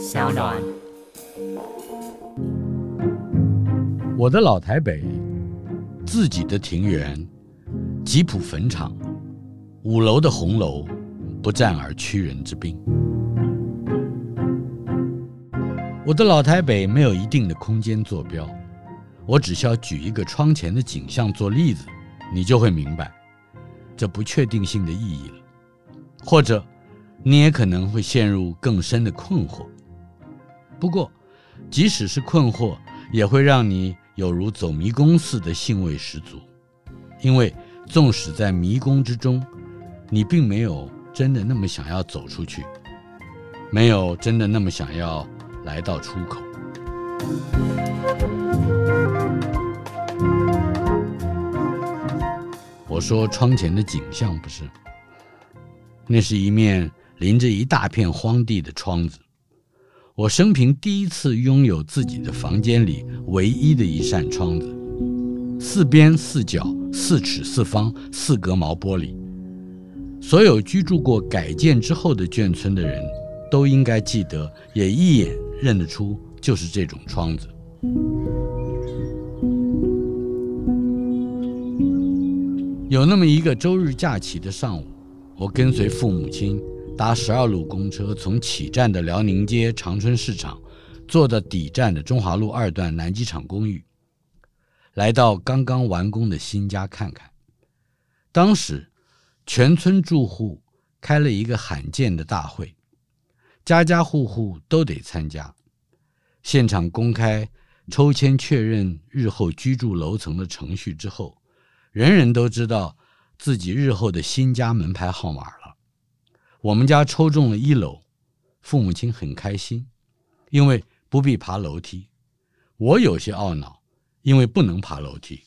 SoundOn。我的老台北，自己的庭園，吉普墳場，五樓的紅樓，不戰而屈人之兵。我的老台北沒有一定的空間坐標，我只需要舉一個窗前的景象做例子，你就會明白這不確定性的意義了。或者，你也可能會陷入更深的困惑。不過，即使是困惑，也會讓你有如走迷宮似的興味十足，因為縱使在迷宮之中，你並沒有真的那麼想要走出去，沒有真的那麼想要來到出口。我說窗前的景象不是，那是一面臨着一大片荒地的窗子。我生平第一次擁有自己的房間裡唯一的一扇窗子，四邊四角，四尺四方，四格毛玻璃。所有居住過改建之後的眷村的人都應該記得，也一眼認得出，就是這種窗子。有那麼一個周日假期的上午，我跟隨父母親，搭十二路公車，從起站的遼寧街長春市場，坐到底站的中華路二段南機場公寓，來到剛剛完工的新家看看。當時全村住戶開了一個罕見的大會，家家戶戶都得參加。現場公開抽籤確認日後居住樓層的程序之後，人人都知道自己日後的新家門牌號碼。我們家抽中了一樓，父母親很開心，因為不必爬樓梯。我有些懊惱，因為不能爬樓梯。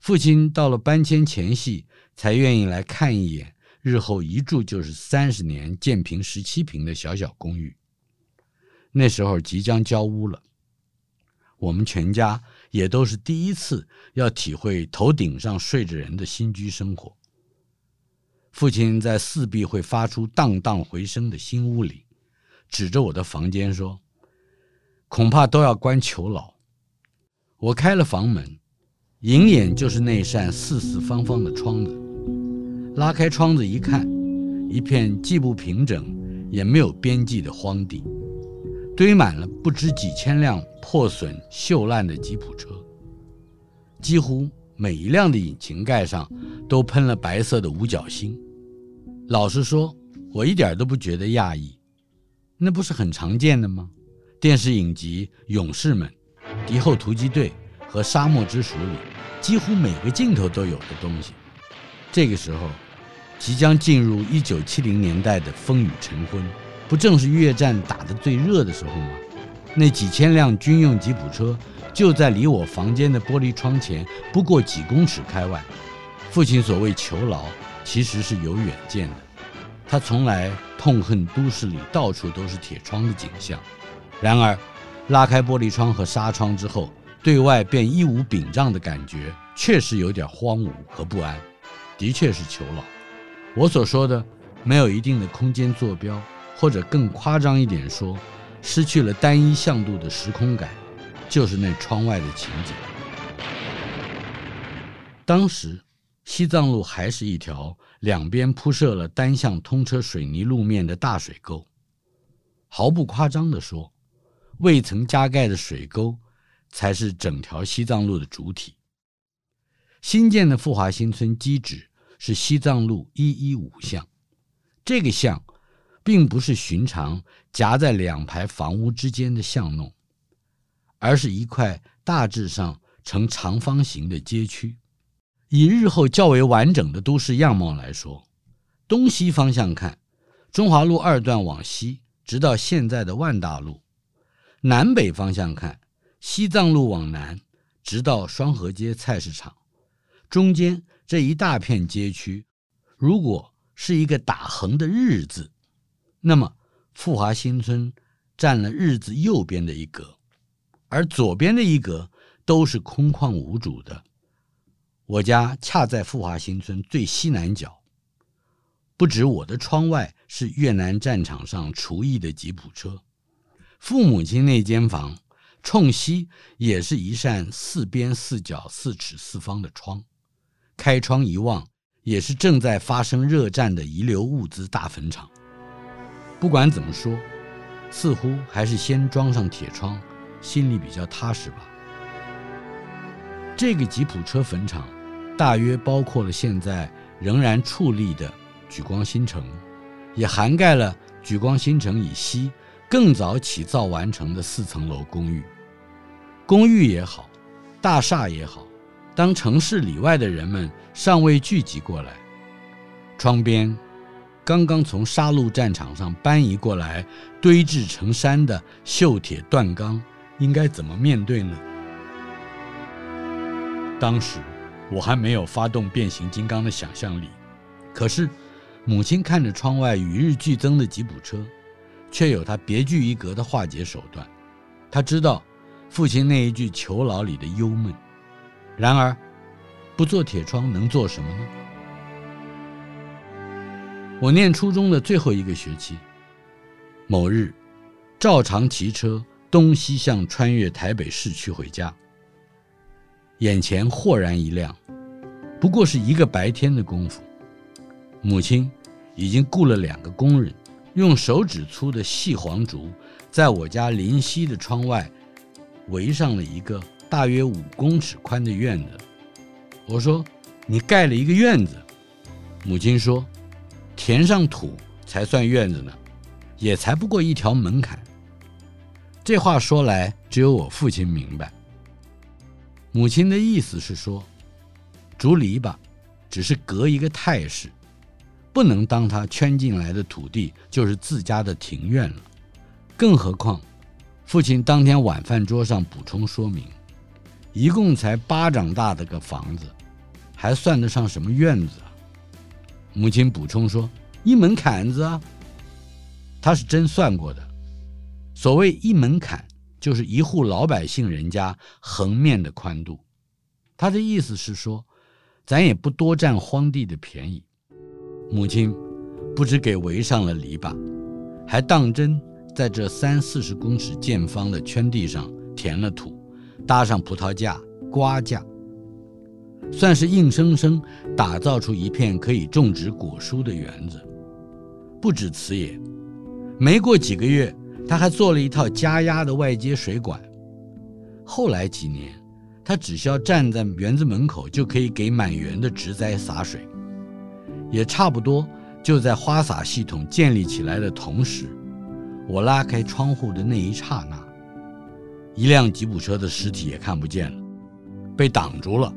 父親到了搬遷前夕才願意來看一眼，日後一住就是三十年，建坪十七坪的小小公寓。那時候即將交屋了，我們全家也都是第一次要體會頭頂上睡着人的新居生活。父親在四壁會發出蕩蕩回聲的新屋裡，指着我的房間說：“恐怕都要關囚牢。”我開了房門，迎眼就是那扇四四方方的窗子。拉開窗子一看，一片既不平整也沒有邊際的荒地，堆滿了不知幾千輛破損鏽爛的吉普車，幾乎，每一輛的引擎蓋上都噴了白色的五角星。老實說，我一點都不覺得訝異，那不是很常見的嗎？電視影集《勇士們》、《敵後突擊隊》和《沙漠之鼠》裡，幾乎每個鏡頭都有的東西。這個時候，即將進入一九七零年代的風雨晨昏，不正是越戰打得最熱的時候嗎？那幾千輛軍用吉普車就在離我房間的玻璃窗前不過幾公尺開外。父親所謂囚牢，其實是有遠見的。他從來痛恨都市裡到處都是鐵窗的景象。然而，拉開玻璃窗和紗窗之後，對外便一無屏障的感覺，確實有點荒蕪和不安。的確是囚牢。我所說的，沒有一定的空間坐標，或者更誇張一點說。失去了單一向度的時空感，就是那窗外的情景。當時，西藏路還是一條兩邊鋪設了單向通車水泥路面的大水溝。毫不誇張地說，未曾加蓋的水溝才是整條西藏路的主體。新建的富華新村基址是西藏路一一五巷，這個巷。並不是尋常夾在兩排房屋之間的巷弄，而是一塊大致上呈長方形的街區。以日後較為完整的都市樣貌來說，東西方向看，中華路二段往西，直到現在的萬大路；南北方向看，西藏路往南，直到雙河街菜市場。中間這一大片街區，如果是一個打橫的日字。那麼，富華新村佔了日字右邊的一格，而左邊的一格都是空曠無主的。我家恰在富華新村最西南角，不止我的窗外是越南戰場上除役的吉普車，父母親那間房衝西也是一扇四邊四角四尺四方的窗，開窗一望也是正在發生熱戰的遺留物資大墳場。不管怎麼說，似乎還是先裝上鐵窗，心裡比較踏實吧。這個吉普車墳場，大約包括了現在仍然矗立的莒光新城，也涵蓋了莒光新城以西更早起造完成的四層樓公寓。公寓也好，大廈也好，當城市裡外的人們尚未聚集過來，窗邊。剛剛從殺戮戰場上搬移過來、堆置成山的鏽鐵斷鋼，應該怎麼面對呢？當時我還沒有發動變形金剛的想象力，可是母親看着窗外與日俱增的吉普車，卻有她別具一格的化解手段。她知道父親那一句囚牢裡的幽悶。然而，不做鐵窗能做什麼呢？我念初中的最後一個學期，某日，照常騎車東西向穿越台北市區回家，眼前豁然一亮，不過是一個白天的功夫。母親已經雇了兩個工人，用手指粗的細黃竹，在我家臨溪的窗外圍上了一個大約五公尺寬的院子。我說：“你蓋了一個院子。”母親說。填上土才算院子呢，也才不過一條門檻。這話說來，只有我父親明白。母親的意思是說，竹籬笆只是隔一個態勢，不能當他圈進來的土地就是自家的庭院了。更何況，父親當天晚飯桌上補充說明，一共才巴掌大的個房子，還算得上什麼院子啊？母親補充說：“一門檻子啊，他是真算過的。所謂一門檻，就是一戶老百姓人家橫面的寬度。他的意思是說，咱也不多佔荒地的便宜。母親不只給圍上了籬笆，還當真在這三四十公尺見方的圈地上填了土，搭上葡萄架、瓜架。”算是硬生生打造出一片可以種植果蔬的園子，不止此也，沒過幾個月，他還做了一套加壓的外接水管。後來幾年，他只需要站在園子門口，就可以給滿園的植栽灑水。也差不多就在花灑系統建立起來的同時，我拉開窗戶的那一剎那，一輛吉普車的屍體也看不見了，被擋住了。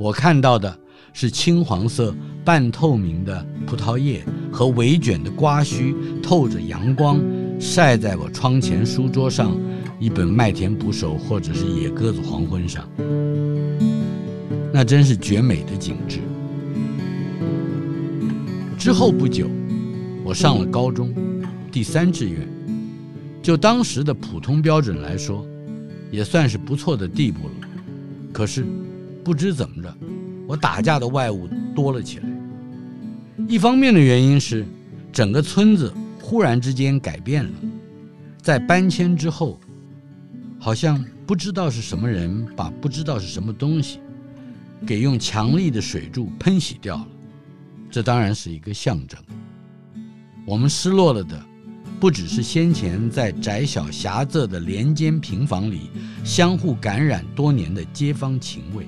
我看到的是青黃色、半透明的葡萄葉和微捲的瓜鬚，透着陽光，曬在我窗前書桌上一本《麥田捕手》或者是《野鴿子黃昏》上，那真是絕美的景致。之後不久，我上了高中，第三志願，就當時的普通標準來說，也算是不錯的地步了。可是。不知怎麼着，我打架的外物多了起來。一方面的原因是，整個村子忽然之間改變了，在搬遷之後，好像不知道是什麼人把不知道是什麼東西，給用強力的水柱噴洗掉了。這當然是一個象徵。我們失落了的，不只是先前在窄小狹窄的連間平房裡相互感染多年的街坊情味。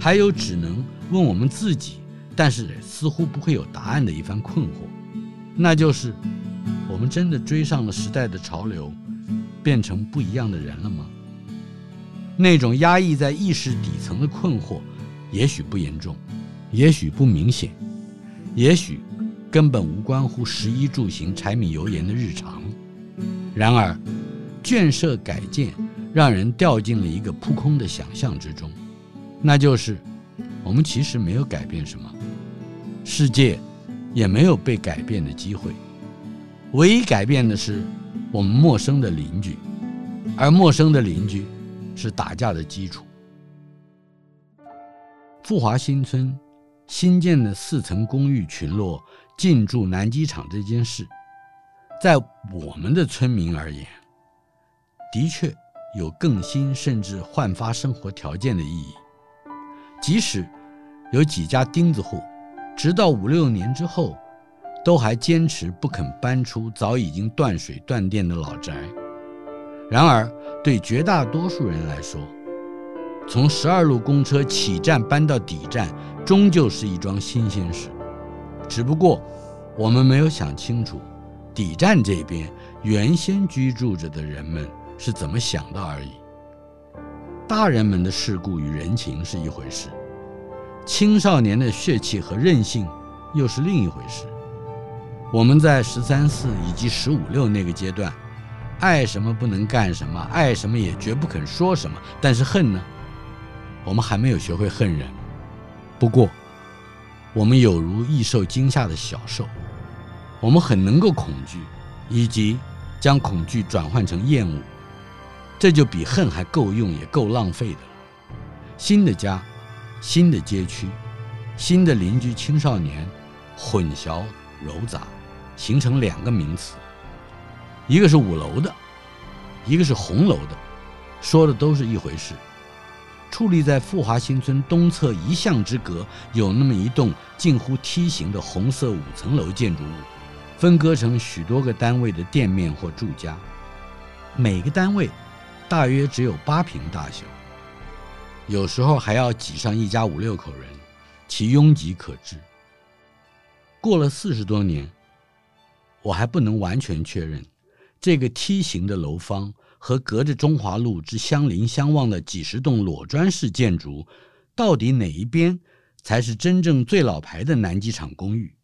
還有只能問我們自己，但是似乎不會有答案的一番困惑，那就是：我們真的追上了時代的潮流，變成不一樣的人了嗎？那種壓抑在意識底層的困惑，也許不嚴重，也許不明顯，也許根本無關乎食衣住行、柴米油鹽的日常。然而，眷舍改建讓人掉進了一個撲空的想象之中。那就是，我們其實沒有改變什麼，世界也沒有被改變的機會，唯一改變的是我們陌生的鄰居，而陌生的鄰居是打架的基礎。富華新村新建的四層公寓群落進駐南機場這件事，在我們的村民而言，的確有更新甚至煥發生活條件的意義。即使有幾家釘子戶，直到五六年之後，都還堅持不肯搬出早已經斷水斷電的老宅。然而，對絕大多數人來說，從十二路公車起站搬到底站，終究是一樁新鮮事。只不過，我們沒有想清楚，底站這邊原先居住着的人們是怎麼想的而已。大人們的世故與人情是一回事，青少年的血氣和任性又是另一回事。我們在十三四以及十五六那個階段，愛什麼不能幹什麼，愛什麼也絕不肯說什麼。但是恨呢？我們還沒有學會恨人。不過，我們有如易受驚嚇的小獸，我們很能夠恐懼，以及將恐懼轉換成厭惡。這就比恨還夠用，也夠浪費的了。新的家，新的街區，新的鄰居，青少年，混淆揉雜，形成兩個名詞，一個是五樓的，一個是紅樓的，說的都是一回事。矗立在富華新村東側一巷之隔，有那麼一棟近乎梯形的紅色五層樓建築物，分割成許多個單位的店面或住家，每個單位。大約只有八平大小，有時候還要擠上一家五六口人，其擁擠可知。過了四十多年，我還不能完全確認這個梯形的樓房和隔着中華路之相鄰相望的幾十棟裸磚式建築，到底哪一邊才是真正最老牌的南機場公寓？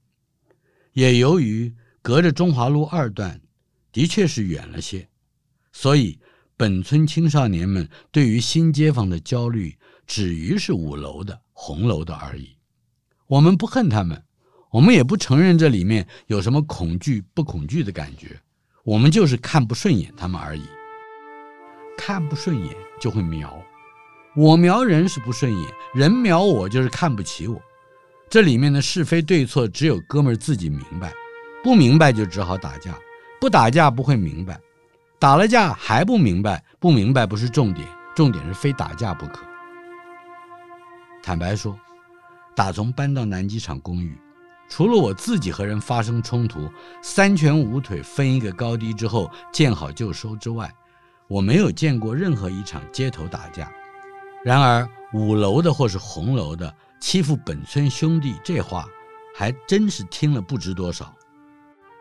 也由於隔着中華路二段的確是遠了些，所以。本村青少年們對於新街坊的焦慮，止於是五樓的、紅樓的而已。我們不恨他們，我們也不承認這裡面有什麼恐懼、不恐懼的感覺。我們就是看不順眼他們而已。看不順眼就會瞄，我瞄人是不順眼，人瞄我就是看不起我。這裡面的是非對錯，只有哥們兒自己明白。不明白就只好打架，不打架不會明白。打了架還不明白？不明白不是重點，重點是非打架不可。坦白說，打從搬到南機場公寓，除了我自己和人發生衝突，三拳五腿分一個高低之後見好就收之外，我沒有見過任何一場街頭打架。然而五樓的或是紅樓的欺負本村兄弟，這話還真是聽了不知多少。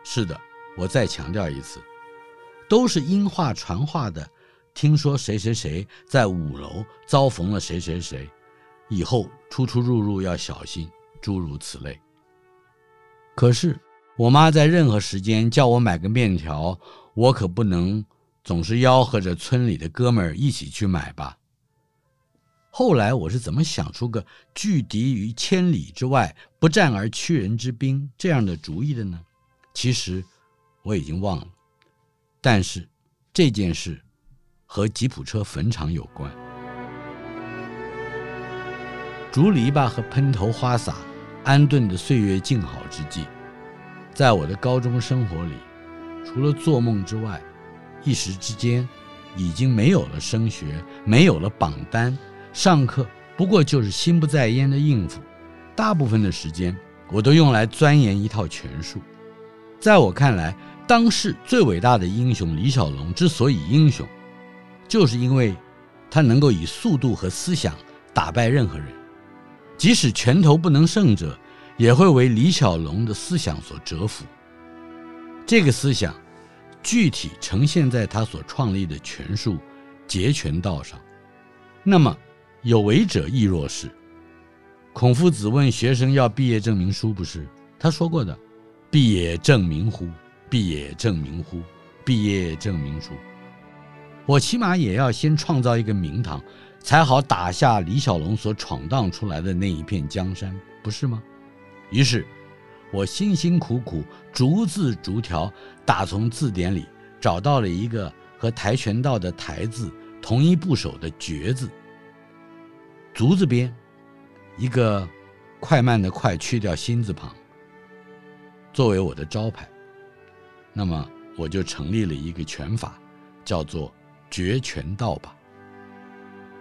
是的，我再強調一次。都是因話傳話的，聽說誰誰誰在五樓遭逢了誰誰誰，以後出出入入要小心，諸如此類。可是我媽在任何時間叫我買個麵條，我可不能總是吆喝着村裡的哥們一起去買吧。後來我是怎麼想出個拒敵於千里之外，不戰而屈人之兵這樣的主意的呢？其實我已經忘了。但是，這件事和吉普車墳場有關。竹籬笆和噴頭花灑，安頓的歲月靜好之際，在我的高中生活裡，除了做夢之外，一時之間已經沒有了升學，沒有了榜單，上課不過就是心不在焉的應付，大部分的時間我都用來鑽研一套拳術，在我看來，當世最偉大的英雄李小龍之所以英雄，就是因為他能夠以速度和思想打敗任何人，即使拳頭不能勝者，也會為李小龍的思想所折服。這個思想具體呈現在他所創立的拳術截拳道上。那麼，有為者亦若是。孔夫子問學生要畢業證明書，不是他說過的“畢業證明乎”。畢業證明乎？畢業證明書，我起碼也要先創造一個名堂，才好打下李小龍所闖蕩出來的那一片江山，不是嗎？於是，我辛辛苦苦逐字逐條打從字典裡找到了一個和跆拳道的台“跆”字同一部首的“絕”字，足字邊，一個快慢的“快”，去掉心字旁，作為我的招牌。那麼我就成立了一個拳法，叫做“絕拳道”吧。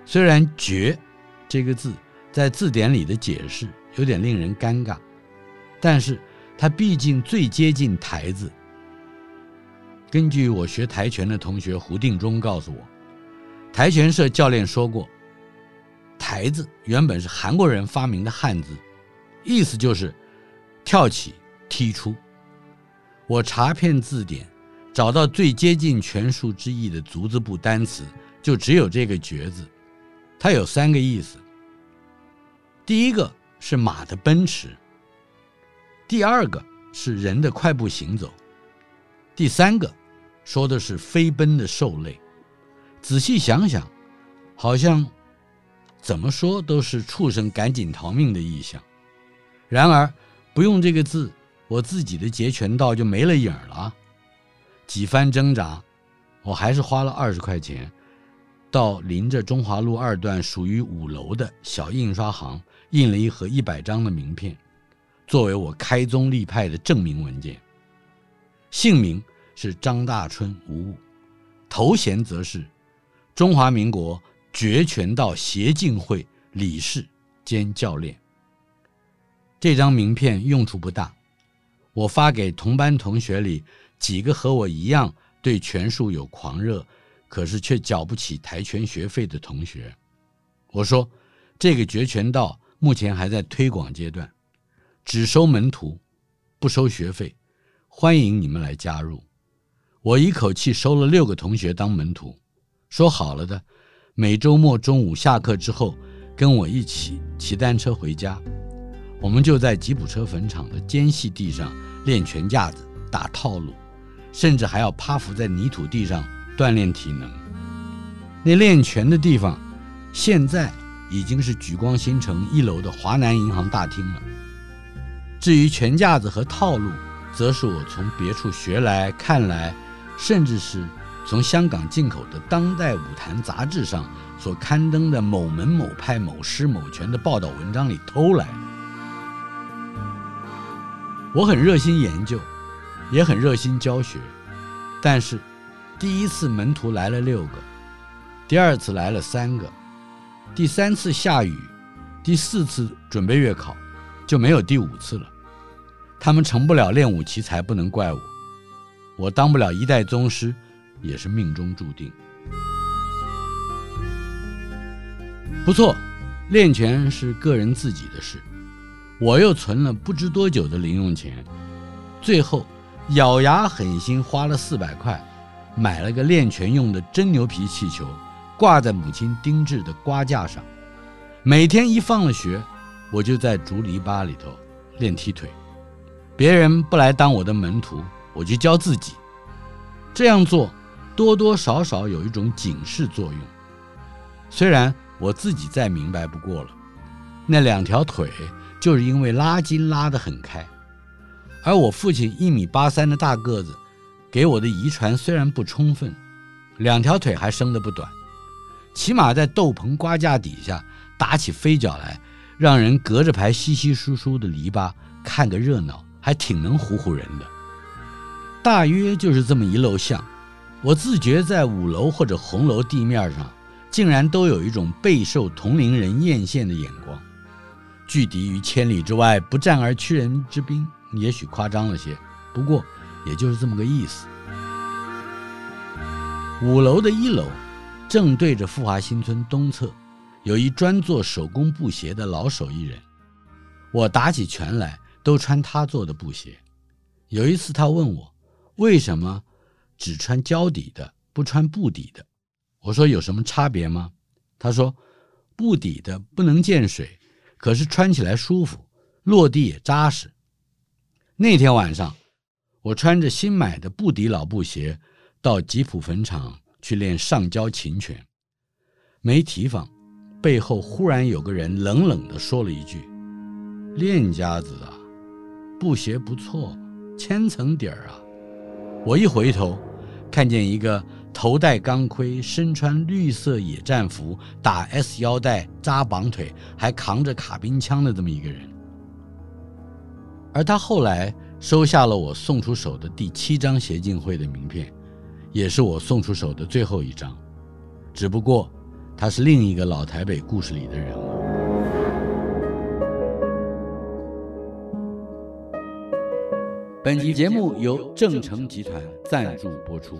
雖然“絕”這個字在字典裡的解釋有點令人尷尬，但是它畢竟最接近“跆”字。根據我學跆拳的同學胡定中告訴我，跆拳社教練說過，“跆”字原本是韓國人發明的漢字，意思就是跳起踢出。我查遍字典，找到最接近“全速”之意的“足”字部單詞，就只有這個“蹶”字。它有三個意思：第一個是馬的奔馳；第二個是人的快步行走；第三個說的是飛奔的獸類。仔細想想，好像怎麼說都是畜生趕緊逃命的意象。然而，不用這個字。我自己的截拳道就沒了影兒了，幾番掙扎，我還是花了二十塊錢，到臨着中華路二段屬於五樓的小印刷行印了一盒一百張的名片，作為我開宗立派的證明文件。姓名是張大春，無誤，頭銜則是中華民國截拳道協進會理事兼教練。這張名片用處不大。我發給同班同學裡幾個和我一樣對拳術有狂熱，可是卻繳不起跆拳學費的同學，我說：“這個截拳道目前還在推廣階段，只收門徒，不收學費，歡迎你們來加入。”我一口氣收了六個同學當門徒，說好了的，每周末中午下課之後，跟我一起騎單車回家。我們就在吉普車墳場的間隙地上練拳架子，打套路，甚至還要趴伏在泥土地上鍛鍊體能。那練拳的地方，現在已經是莒光新城一樓的華南銀行大廳了。至於拳架子和套路，則是我從別處學來，看來，甚至是從香港進口的《當代武壇》雜誌上所刊登的某門某派某師某拳的報道文章裡偷來的。我很熱心研究，也很熱心教學，但是，第一次門徒來了六個，第二次來了三個，第三次下雨，第四次準備月考，就沒有第五次了。他們成不了練武奇才，不能怪我，我當不了一代宗師，也是命中注定。不錯，練拳是個人自己的事。我又存了不知多久的零用錢，最後咬牙狠心花了四百塊，買了個練拳用的真牛皮氣球，掛在母親釘製的瓜架上。每天一放了學，我就在竹籬笆裡頭練踢腿。別人不來當我的門徒，我就教自己。這樣做多多少少有一種警示作用，雖然我自己再明白不過了，那兩條腿。就是因為拉筋拉得很開，而我父親一米八三的大個子，給我的遺傳雖然不充分，兩條腿還生得不短，起碼在豆棚瓜架底下打起飛腳來，讓人隔着排稀稀疏疏的籬笆看個熱鬧，還挺能唬唬人的。大約就是這麼一露相，我自覺在五樓或者紅樓地面上，竟然都有一種備受同齡人艷羨的眼光。拒敵於千里之外，不戰而屈人之兵，也許誇張了些，不過也就是這麼個意思。五樓的一樓，正對着富華新村東側，有一專做手工布鞋的老手藝人。我打起拳來都穿他做的布鞋。有一次他問我，為什麼只穿膠底的，不穿布底的？我說有什麼差別嗎？他說，布底的不能見水。可是穿起來舒服，落地也扎實。那天晚上，我穿着新買的布底老布鞋，到吉普墳，墳場去練上交琴拳，沒提防，背後忽然有個人冷冷地說了一句：“練家子啊，布鞋不錯，千層底兒啊。”我一回頭，看見一個。頭戴鋼盔，身穿綠色野戰服，打 S 腰帶，扎綁腿，還扛着卡賓槍的這麼一個人。而他後來收下了我送出手的第七張協進會的名片，也是我送出手的最後一張。只不過，他是另一個老台北故事裡的人物。本集節目由正成集團贊助播出。